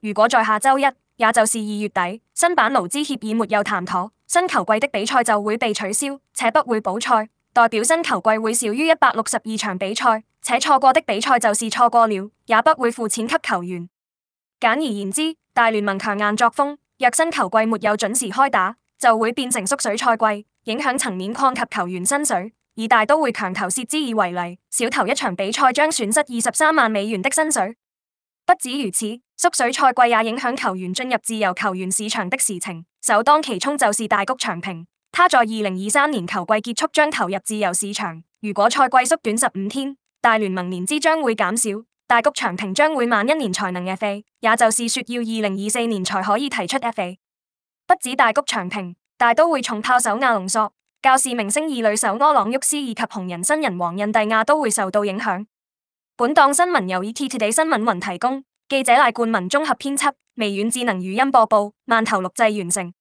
如果在下周一，也就是二月底，新版勞資協議沒有談妥，新球季的比賽就會被取消，且不會補賽，代表新球季會少於一百六十二場比賽，且錯過的比賽就是錯過了，也不會付錢給球員。簡而言之，大聯盟強硬作風，若新球季沒有準時開打，就會變成縮水賽季，影響層面擴及球員薪水。以大都會強投薛之毅為例，少投一場比賽將損失二十三萬美元的薪水。不止如此。縮水賽季也影響球員進入自由球員市場的事情，首當其衝就是大谷翔平。他在二零二三年球季結束將投入自由市場，如果賽季縮短十五天，大聯盟年資將會減少，大谷翔平將會晚一年才能 FA。也就是說要二零二四年才可以提出 FA。不止大谷翔平，大都會重炮手亞隆索、教士明星二壘手柯朗沃斯以及紅人新人王印第亞都會受到影響。本檔新聞由 ETtoday 新聞雲提供。記者賴冠文綜合編輯，微軟智能語音播報，饅頭錄製完成。